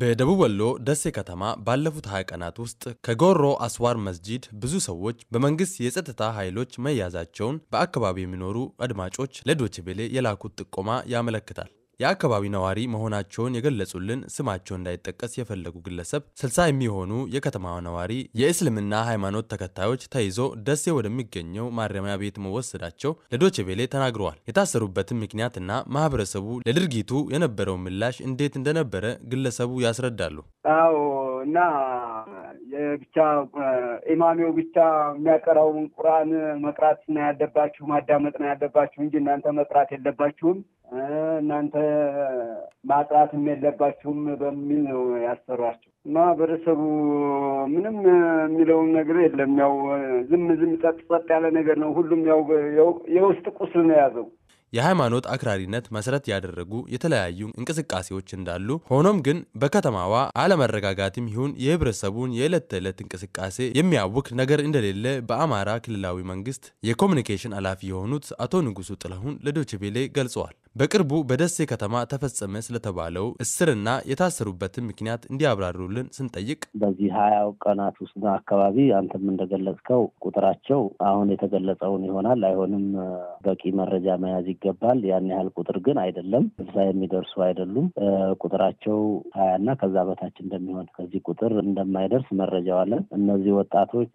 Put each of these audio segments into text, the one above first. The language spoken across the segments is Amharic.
በደቡብ ወሎ ደሴ ከተማ ባለፉት 20 ቀናት ውስጥ ከጎሮ አስዋር መስጂድ ብዙ ሰዎች በመንግስት የጸጥታ ኃይሎች መያዛቸውን በአካባቢው የሚኖሩ አድማጮች ለዶችቤሌ የላኩት ጥቆማ ያመለክታል። የአካባቢ ነዋሪ መሆናቸውን የገለጹልን ስማቸው እንዳይጠቀስ የፈለጉ ግለሰብ ስልሳ የሚሆኑ የከተማዋ ነዋሪ የእስልምና ሃይማኖት ተከታዮች ተይዞ ደሴ ወደሚገኘው ማረሚያ ቤት መወሰዳቸው ለዶቼ ተናግረዋል። የታሰሩበትን ምክንያትና ማህበረሰቡ ለድርጊቱ የነበረው ምላሽ እንዴት እንደነበረ ግለሰቡ ያስረዳሉ። አዎ እና ብቻ ኢማሜው ብቻ የሚያቀራውን ቁርአን መቅራት ነው ያለባችሁ፣ ማዳመጥ ነው ያለባችሁ እንጂ እናንተ መቅራት የለባችሁም፣ እናንተ ማጥራትም የለባችሁም በሚል ነው ያሰሯቸው። ማህበረሰቡ ምንም የሚለውን ነገር የለም። ያው ዝም ዝም ጸጥ ጸጥ ያለ ነገር ነው። ሁሉም ያው የውስጥ ቁስል ነው የያዘው። የሃይማኖት አክራሪነት መሰረት ያደረጉ የተለያዩ እንቅስቃሴዎች እንዳሉ፣ ሆኖም ግን በከተማዋ አለመረጋጋትም ይሁን የህብረተሰቡን የዕለት ተዕለት እንቅስቃሴ የሚያውክ ነገር እንደሌለ በአማራ ክልላዊ መንግስት የኮሚኒኬሽን ኃላፊ የሆኑት አቶ ንጉሱ ጥላሁን ለዶችቤሌ ገልጸዋል። በቅርቡ በደሴ ከተማ ተፈጸመ ስለተባለው እስርና የታሰሩበትን ምክንያት እንዲያብራሩልን ስንጠይቅ በዚህ ሀያው ቀናት ውስጥ አካባቢ አንተም እንደገለጽከው ቁጥራቸው አሁን የተገለጸውን ይሆናል አይሆንም፣ በቂ መረጃ መያዝ ይገባል። ያን ያህል ቁጥር ግን አይደለም፣ ስልሳ የሚደርሱ አይደሉም። ቁጥራቸው ሀያና ከዛ በታች እንደሚሆን ከዚህ ቁጥር እንደማይደርስ መረጃው አለን። እነዚህ ወጣቶች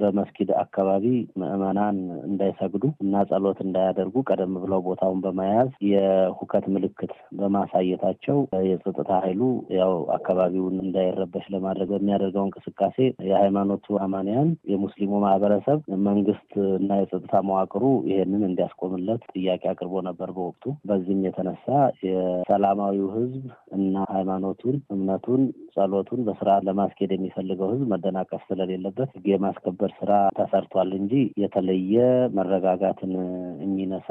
በመስጊድ አካባቢ ምዕመናን እንዳይሰግዱ እና ጸሎት እንዳያደርጉ ቀደም ብለው ቦታውን በመያዝ የሁከት ምልክት በማሳየታቸው የጸጥታ ኃይሉ ያው አካባቢውን እንዳይረበሽ ለማድረግ በሚያደርገው እንቅስቃሴ የሃይማኖቱ አማንያን፣ የሙስሊሙ ማህበረሰብ፣ መንግስት እና የጸጥታ መዋቅሩ ይሄንን እንዲያስቆምለት ጥያቄ አቅርቦ ነበር በወቅቱ። በዚህም የተነሳ የሰላማዊው ህዝብ እና ሃይማኖቱን እምነቱን ጸሎቱን በስርዓት ለማስኬድ የሚፈልገው ህዝብ መደናቀፍ ስለሌለበት ህግ የማስከበር ስራ ተሰርቷል እንጂ የተለየ መረጋጋትን የሚነሳ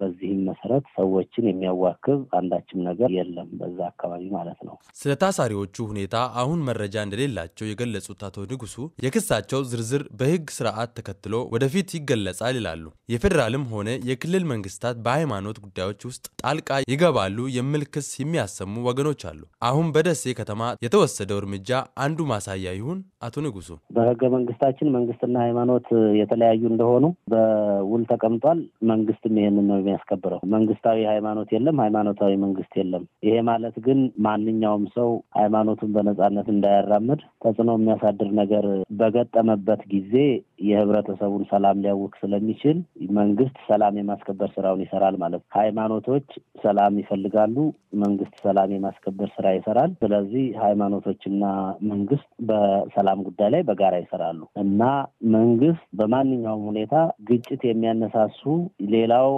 በዚህም መሰረት ሰዎችን የሚያዋክብ አንዳችም ነገር የለም በዛ አካባቢ ማለት ነው። ስለ ታሳሪዎቹ ሁኔታ አሁን መረጃ እንደሌላቸው የገለጹት አቶ ንጉሱ የክሳቸው ዝርዝር በህግ ስርዓት ተከትሎ ወደፊት ይገለጻል ይላሉ። የፌዴራልም ሆነ የክልል መንግስታት በሃይማኖት ጉዳዮች ውስጥ ጣልቃ ይገባሉ የሚል ክስ የሚያሰሙ ወገኖች አሉ። አሁን በደሴ ከተማ ከተማ የተወሰደው እርምጃ አንዱ ማሳያ ይሁን? አቶ ንጉሱ በህገ መንግስታችን መንግስትና ሃይማኖት የተለያዩ እንደሆኑ በውል ተቀምጧል። መንግስትም ይህንን ነው የሚያስከብረው። መንግስታዊ ሃይማኖት የለም፣ ሃይማኖታዊ መንግስት የለም። ይሄ ማለት ግን ማንኛውም ሰው ሃይማኖቱን በነጻነት እንዳያራምድ ተጽዕኖ የሚያሳድር ነገር በገጠመበት ጊዜ የህብረተሰቡን ሰላም ሊያውክ ስለሚችል መንግስት ሰላም የማስከበር ስራውን ይሰራል ማለት ነው። ሃይማኖቶች ሰላም ይፈልጋሉ፣ መንግስት ሰላም የማስከበር ስራ ይሰራል። ስለዚህ ሃይማኖቶችና መንግስት በሰላም በሰላም ጉዳይ ላይ በጋራ ይሰራሉ እና መንግስት በማንኛውም ሁኔታ ግጭት የሚያነሳሱ ሌላው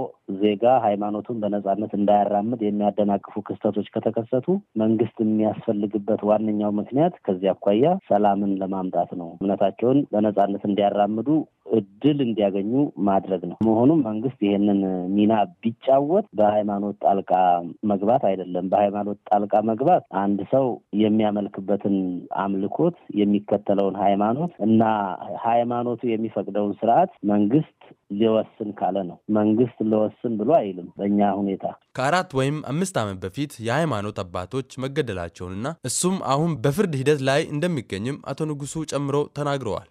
ዜጋ ሃይማኖቱን በነጻነት እንዳያራምድ የሚያደናቅፉ ክስተቶች ከተከሰቱ መንግስት የሚያስፈልግበት ዋነኛው ምክንያት ከዚህ አኳያ ሰላምን ለማምጣት ነው። እምነታቸውን በነጻነት እንዲያራምዱ እድል እንዲያገኙ ማድረግ ነው። መሆኑም መንግስት ይሄንን ሚና ቢጫወት በሃይማኖት ጣልቃ መግባት አይደለም። በሃይማኖት ጣልቃ መግባት አንድ ሰው የሚያመልክበትን አምልኮት የሚከተለውን ሃይማኖት እና ሃይማኖቱ የሚፈቅደውን ስርዓት መንግስት ሊወስን ካለ ነው። መንግስት ለወስ አልደርስም ብሎ አይልም። በእኛ ሁኔታ ከአራት ወይም አምስት ዓመት በፊት የሃይማኖት አባቶች መገደላቸውንና እሱም አሁን በፍርድ ሂደት ላይ እንደሚገኝም አቶ ንጉሱ ጨምሮ ተናግረዋል።